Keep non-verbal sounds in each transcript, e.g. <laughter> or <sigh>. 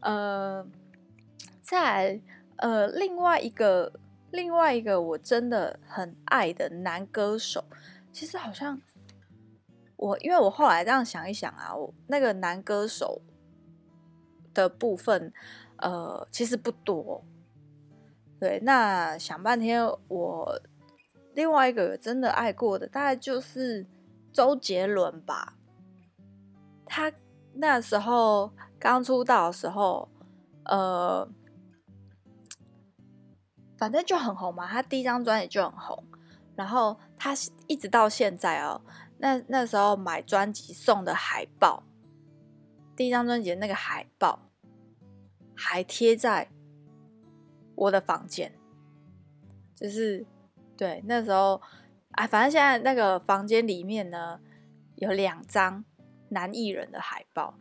呃，在呃另外一個另外一個我真的很愛的男歌手，其實好像我因為我後來這樣想一想啊，我那個男歌手的部分，呃，其實不多。對，那想半天，我另外一個真的愛過的，大概就是周杰倫吧。他那時候。剛出道的時候，呃，反正就很紅嘛。他第一張專輯就很紅，然後他一直到現在哦。那那時候買專輯送的海報，第一張專輯的那個海報還貼在我的房間，就是對那時候哎、啊，反正現在那個房間裡面呢，有兩張男藝人的海報。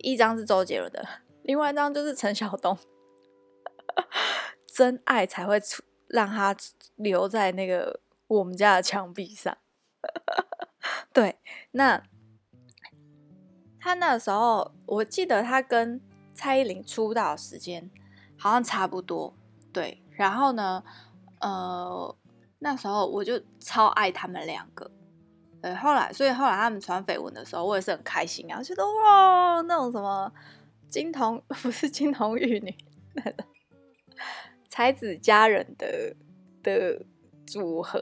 一張是周杰倫的，另外一張就是陳曉東。真愛才會出，讓他留在那個我們家的牆壁上。對，那他那時候，我記得他跟蔡依林出道的時間好像差不多。對，然後呢，呃，那時候我就超愛他們兩個。呃，後來，所以後來他們傳緋聞的時候，我也是很開心啊，然後覺得哇，那種什麼金童，不是金童玉女，是才子佳人的的組合，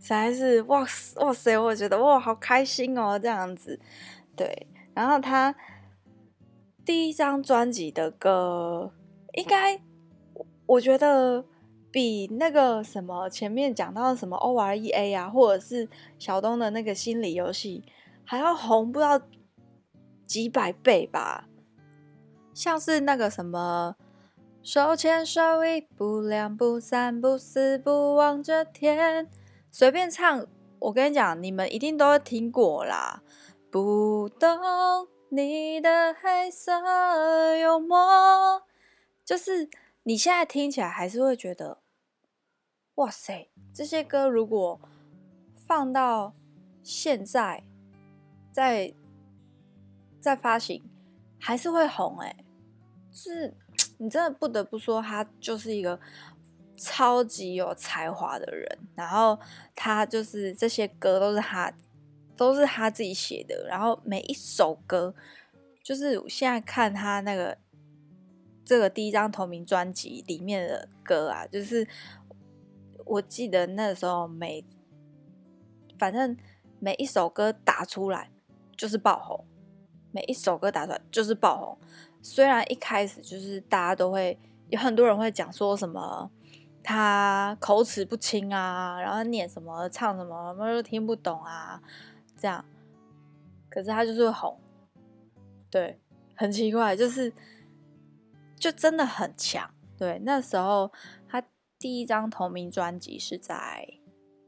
實在是哇塞哇塞，我覺得哇，好開心哦，這樣子。對，然後他第一張專輯的歌，應該，我覺得。比那個什麼前面講到的什麼 O R E A 啊，或者是小東的那個心理遊戲還要紅不到幾百倍吧。像是那個什麼手牽手，一步兩步三步四步望着天，隨便唱。我跟你講，你們一定都聽過啦。不懂你的黑色幽默，就是。你現在聽起來還是會覺得，哇塞！這些歌如果放到現在，再再發行還是會紅欸。就是你真的不得不說，他就是一個超級有才華的人。然後他就是這些歌都是他，都是他自己寫的，然後每一首歌就是現在看他那個。這個第一張同名專輯裡面的歌啊，就是我記得那時候每，反正每一首歌打出來就是爆紅，每一首歌打出來就是爆紅。雖然一開始就是大家都會有很多人會講說什麼他口齒不清啊，然後他念什麼唱什麼我們都聽不懂啊這樣，可是他就是會紅，對，很奇怪就是。就真的很強，對，那時候他第一張同名專輯是在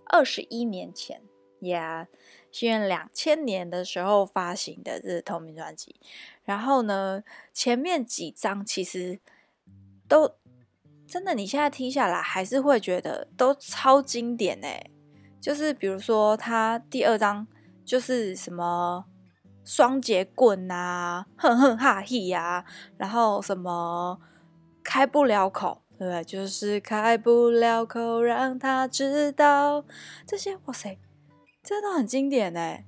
二十一年前，也 e 是兩千年的時候發行的這同名專輯。然後呢，前面幾張其實都真的，你現在聽下來還是會覺得都超經典呢、欸。就是比如說他第二張就是什麼。雙截棍啊，哼哼哈兮呀，啊，然後什麼開不了口，對，對就是開不了口，讓他知道這些。哇塞，真的很經典呢，欸。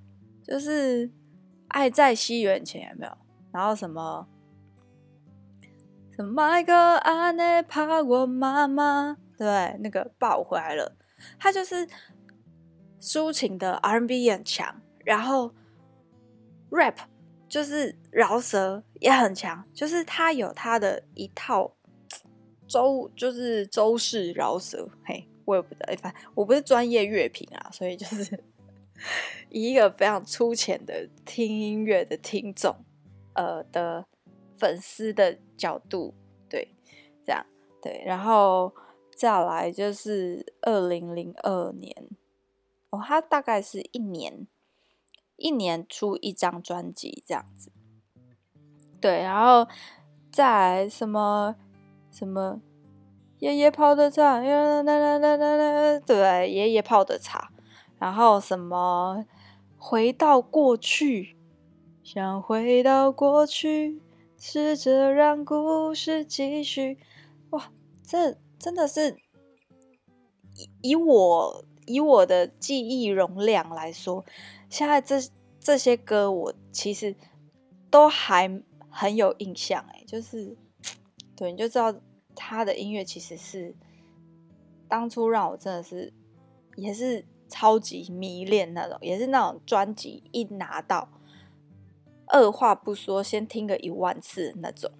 就是愛在西元前，有沒有？然後什麼什麼 Michael I'm afraid my mom 對，對那個爸我回來了，他就是抒情的 R&B 很強，然後。rap 就是饒舌也很強，就是他有他的一套周，就是周式饒舌。嘿，我也不知道，反正我不是專業樂評啊，所以就是以一個非常粗淺的聽音樂的聽眾，呃，的粉絲的角度，對，這樣，對，然後再來就是二零零二年，哦，他大概是一年，一年出一張專輯這樣子，對，然後在什麼什麼爺爺泡的茶，對不對？爺爺泡的茶，然後什麼回到過去，想回到過去，試着讓故事繼續。哇，這真的是以，以我以我的記憶容量來說。現在這這些歌，我其實都還很有印象誒、欸、就是，對，你就知道他的音樂其實是當初讓我真的是也是超級迷戀那種，也是那種專輯一拿到，二話不說先聽個一萬次那種，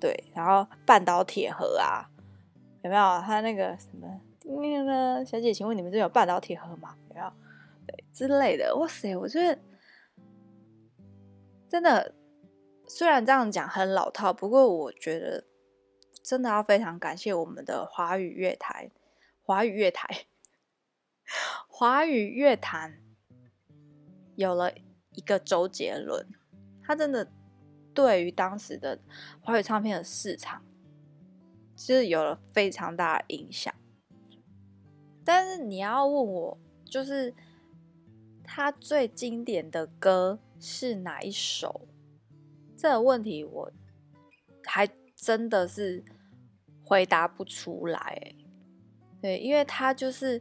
對，然後半島鐵盒啊，有沒有？他那個什麼那個呢？小姐，請問你們這邊有半島鐵盒嗎？有沒有？之類的，哇塞！我覺得真的，雖然這樣講很老套，不過我覺得真的要非常感謝我們的華語樂壇，華語樂壇，華語樂壇有了一個周杰倫，他真的對於當時的華語唱片的市場，其實有了非常大的影響。但是你要問我，就是。他最經典的歌是哪一首？這個問題我還真的是回答不出來。對，因為他就是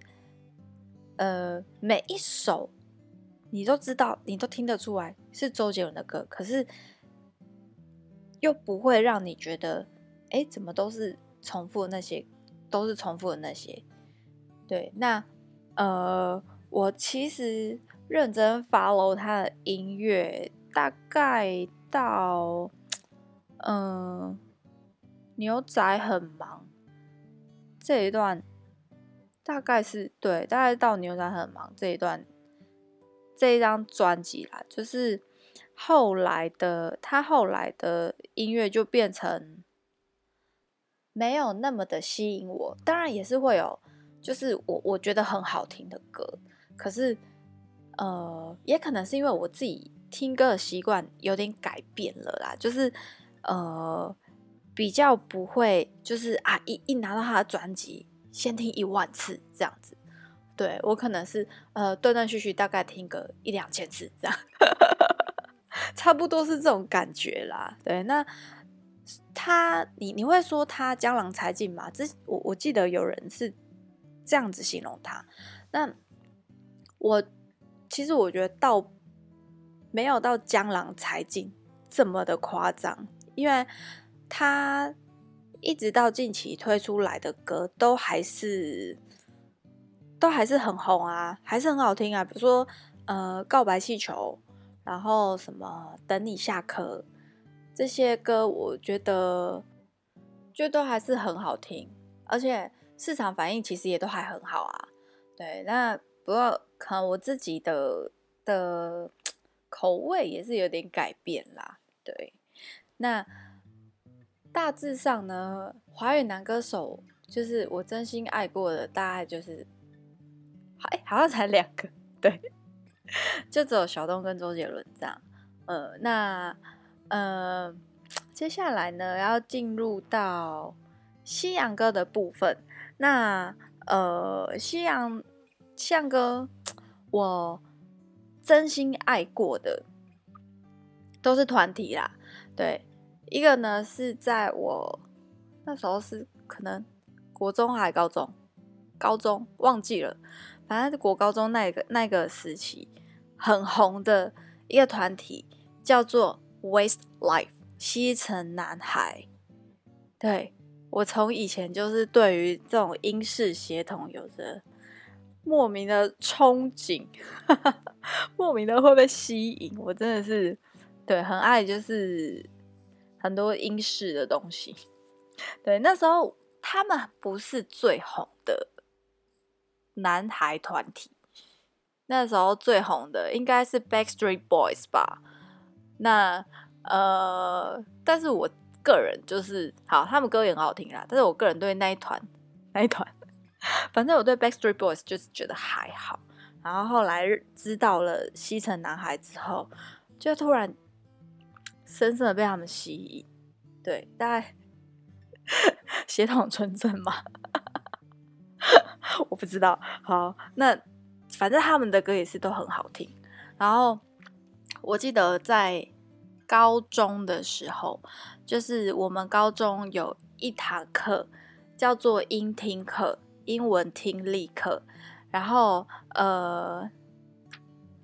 呃，每一首你都知道，你都聽得出來是周杰倫的歌，可是又不會讓你覺得，欸，怎麼都是重複的那些，都是重複的那些。對，那呃，我其實。認真 follow 他的音樂，大概到，嗯、呃，牛仔很忙這一段，大概是對，大概到牛仔很忙這一段，這一張專輯啦，就是後來的他後來的音樂就變成沒有那麼的吸引我，當然也是會有，就是我我覺得很好聽的歌，可是。呃，也可能是因為我自己聽歌的習慣有點改變了啦，就是呃比較不會，就是啊一一拿到他的專輯，先聽一萬次這樣子，對我可能是呃斷斷續續大概聽個一兩千次這樣， <laughs> 差不多是這種感覺啦。對，那他你你會說他江郎才盡嗎？這我我記得有人是這樣子形容他，那我。其實我覺得倒沒有到江郎才盡這麼的誇張，因為他一直到近期推出來的歌都還是都還是很紅啊，還是很好聽啊。比如說呃，告白氣球，然後什麼等你下課這些歌，我覺得就都還是很好聽，而且市場反應其實也都還很好啊。對，那不過。看我自己的的口味也是有點改變啦，對。那大致上呢，華語男歌手就是我真心愛過的，大概就是，哎、欸，好像才兩個，對， <laughs> 就只有小東跟周杰倫這樣。呃，那呃，接下來呢，要進入到西洋歌的部分。那呃，西洋，西洋歌。我真心愛過的都是團體啦，對，一個呢是在我那時候是可能國中還高中，高中忘記了，反正是國高中那個那個時期很紅的一個團體叫做 Westlife 西城男孩，對，我從以前就是對於這種英式協同有着。莫名的憧憬，呵呵，莫名的會被吸引。我真的是，對，很愛就是很多英式的東西。對，那時候他們不是最紅的男孩團體，那時候最紅的應該是 Backstreet Boys 吧。那呃，但是我個人就是好，他們歌也很好聽啦。但是我個人對那一團那一團。反正我對 Backstreet Boys 就是覺得還好，然後後來知道了西城男孩之後，就突然深深的被他們吸引。對，大概血統純正嗎？ <laughs> 我不知道。好，那反正他們的歌也是都很好聽。然後我記得在高中的時候，就是我們高中有一堂課叫做音聽課。英文聽力課，然後呃，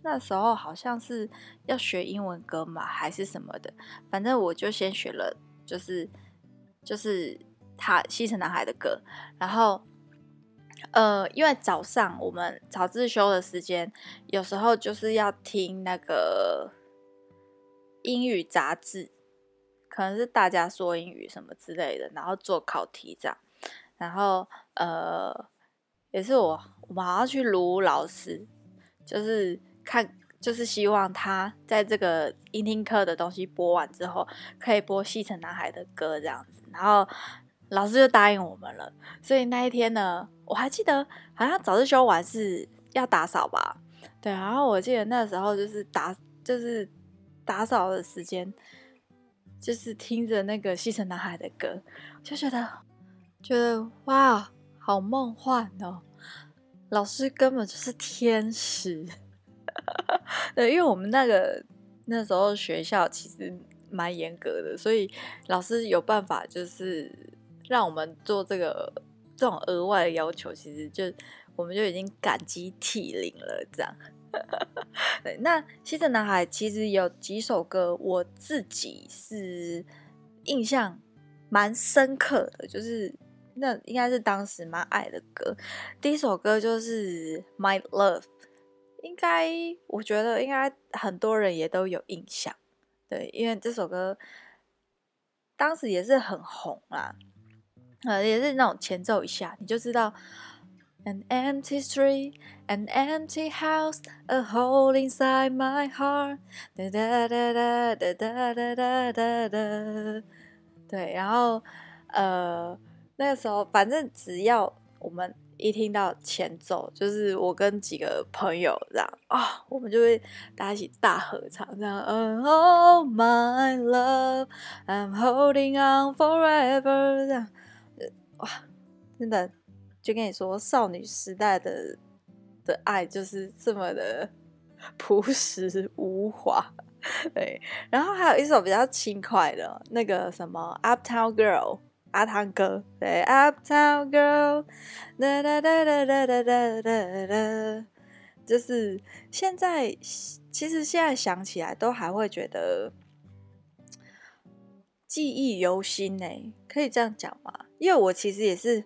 那時候好像是要學英文歌嘛，還是什麼的。反正我就先學了，就是，就是就是他西城男孩的歌。然後呃，因為早上我們早自修的時間，有時候就是要聽那個英語雜誌，可能是大家說英語什麼之類的，然後做考題這樣。然後，呃，也是我我們好像去盧老師，就是看，就是希望他在這個音聽課的東西播完之後，可以播西城男孩的歌這樣子。然後老師就答應我們了，所以那一天呢，我還記得好像早自習完是要打掃吧，對。然後我記得那時候就是打就是打掃的時間，就是聽着那個西城男孩的歌，就覺得。覺得哇，好夢幻哦！老師根本就是天使。 <laughs> 對，因為我們那個那時候學校其實蠻嚴格的，所以老師有辦法就是讓我們做這個這種額外的要求，其實就我們就已經感激涕零了。這樣， <laughs> 對，那《西城男孩》其實有幾首歌，我自己是印象蠻深刻的，就是。那應該是當時蠻愛的歌，第一首歌就是 My Love，應該我覺得應該很多人也都有印象。對，因為這首歌當時也是很紅啊、呃、也是那種前奏一下你就知道 An empty street, an empty house, a hole inside my heart，對然後那個時候，反正只要我們一聽到前奏，就是我跟幾個朋友這樣啊、哦，我們就會大家一起大合唱。樣，嗯 o h my love, I'm holding on forever。哇，真的就跟你說，少女時代的的愛就是這麼的樸實無華。對，然後還有一首比較輕快的，那個什麼《Uptown Girl》。《阿湯哥》對，Uptown Girl，噠噠噠噠噠噠，就是現在其實現在想起來都還會覺得記憶猶新呢，可以這樣講嗎？因為我其實也是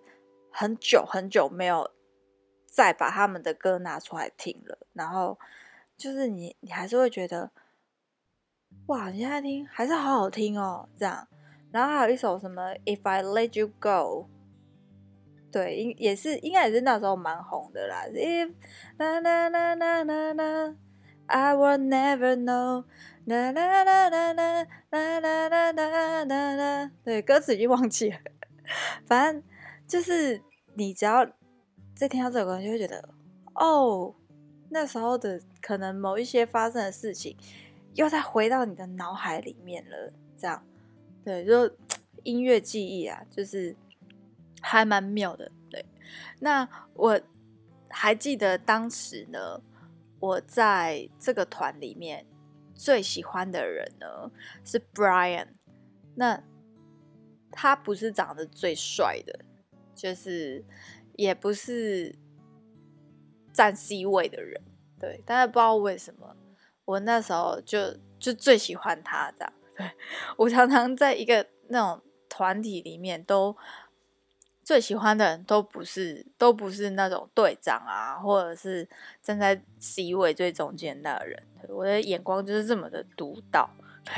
很久很久沒有再把他們的歌拿出來聽了，然後就是你你還是會覺得哇，你現在聽還是好好聽哦，這樣。然後還有一首什麼《If I Let You Go》，對，應也是應該也是那時候蠻紅的啦。If na na na na na，I will never know na na na na na na na na na。對，歌詞已經忘記了。反正就是你只要再聽到這首歌，就會覺得哦，那時候的可能某一些發生的事情又再回到你的腦海裡面了，這樣。對，就音樂記憶啊，就是還蠻妙的。對，那我還記得當時呢，我在這個團裡面最喜歡的人呢是 Brian。那他不是長得最帥的，就是也不是站 C 位的人，對。但是不知道為什麼，我那時候就就最喜歡他這樣。對，我常常在一個那種團體裡面都，都最喜歡的人都不是，都不是那種隊長啊，或者是站在 C 位最中間的人。我的眼光就是這麼的獨到。對，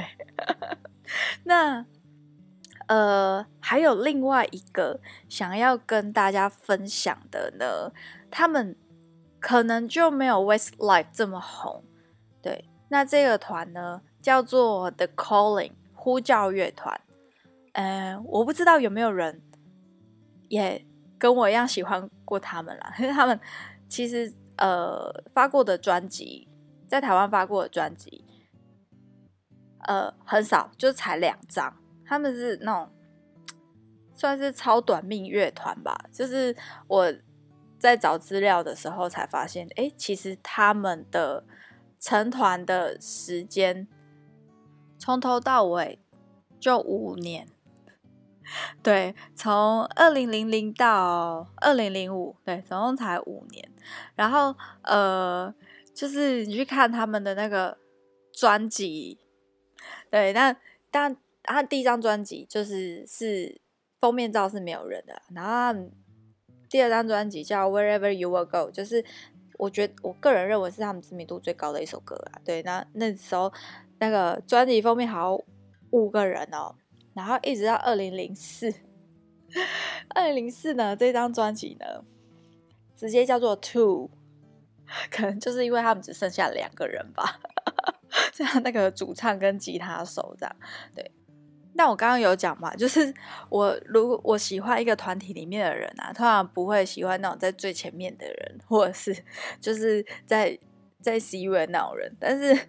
<laughs> 那呃，還有另外一個想要跟大家分享的呢，他們可能就沒有 Westlife 這麼紅。對，那這個團呢？叫做 The Calling 呼叫樂團，嗯、呃，我不知道有沒有人也跟我一樣喜歡過他們啦。因為他們其實呃發過的專輯，在台灣發過的專輯，呃很少，就才兩張。他們是那種算是超短命樂團吧。就是我在找資料的時候才發現，誒、欸，其實他們的成團的時間。從頭到尾就五年，對，從二零零零到二零零五，對，總共才五年。然後呃，就是你去看他們的那個專輯，對，那但但第一張專輯就是是封面照是沒有人的。然後第二張專輯叫《Wherever You Will Go》，就是我覺得我個人認為是他們知名度最高的一首歌了啊。對，那那時候。那個專輯封面好像五個人哦、喔，然後一直到二零零四，二零零四呢這張專輯呢，直接叫做 Two，可能就是因為他們只剩下兩個人吧，這樣，那個主唱跟吉他手這樣。對，那我剛剛有講嘛，就是我如果我喜歡一個團體裡面的人啊，通常不會喜歡那種在最前面的人，或者是就是在在 C 位那種人，但是。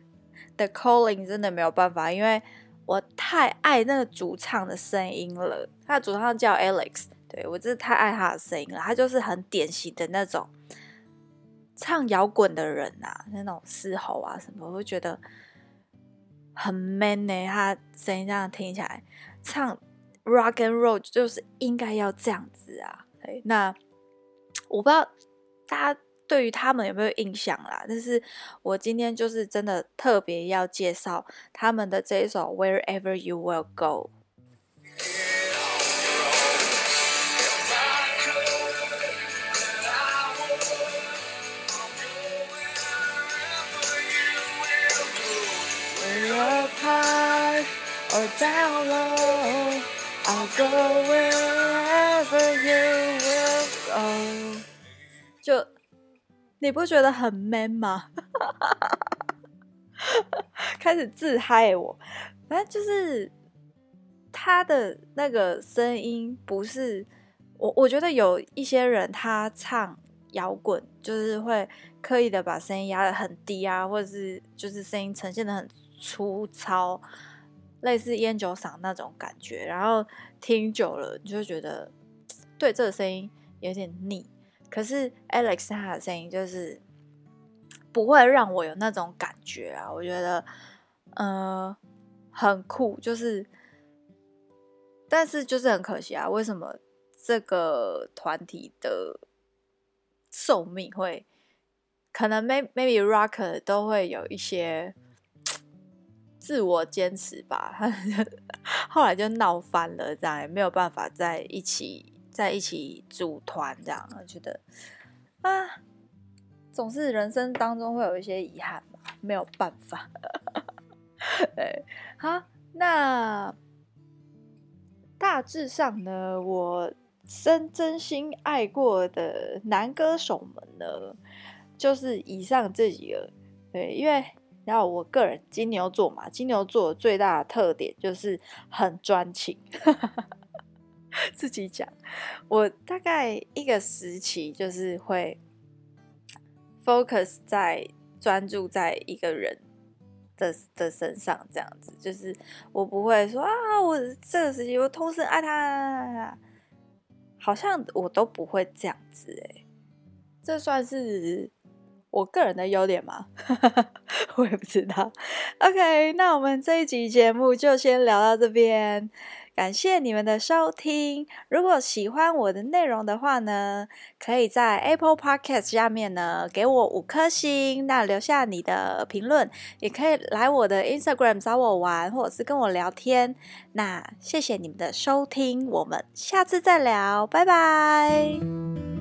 The calling 真的沒有辦法，因為我太愛那個主唱的聲音了。他的主唱叫 Alex，對，我真的太愛他的聲音了。他就是很典型的那種唱搖滾的人啊，那種嘶吼啊什麼，我就覺得很 man 呢、欸。他聲音這樣聽起來，唱 rock and roll 就是應該要這樣子啊。那我不知道大家。對於他們有沒有印象啦？但是我今天就是真的特別要介紹他們的這一首《Wherever You Will Go》。你不覺得很 man 嗎？ <laughs> 開始自嗨我，反正就是他的那個聲音不是我，我覺得有一些人他唱搖滾就是會刻意的把聲音壓得很低啊，或者是就是聲音呈現的很粗糙，類似煙酒嗓那種感覺，然後聽久了你就覺得對這個聲音有點膩。可是 Alex 他的聲音就是不會讓我有那種感覺啊，我覺得呃很酷，就是但是就是很可惜啊，為什麼這個團體的壽命會可能 may, Maybe maybe Rocker 都會有一些自我堅持吧，後來就鬧翻了，這樣也沒有辦法在一起。在一起組團這樣，我、啊、覺得啊，總是人生當中會有一些遺憾嘛，沒有辦法。 <laughs> 對，好、啊，那大致上呢，我真真心愛過的男歌手們呢，就是以上這幾個。對，因為然後我個人金牛座嘛，金牛座的最大的特點就是很專情。 <laughs> 自己講，我大概一個時期就是會 focus 在專注在一個人的的身上，這樣子，就是我不會說啊，我這個時期我同時愛他，好像我都不會這樣子哎，這算是我個人的優點嗎？ <laughs> 我也不知道。OK，那我們這一集節目就先聊到這邊。感謝你們的收聽。如果喜歡我的內容的話呢，可以在 Apple Podcast 下面呢給我五顆星，那留下你的評論，也可以來我的 Instagram 找我玩，或者是跟我聊天。那謝謝你們的收聽，我們下次再聊，拜拜。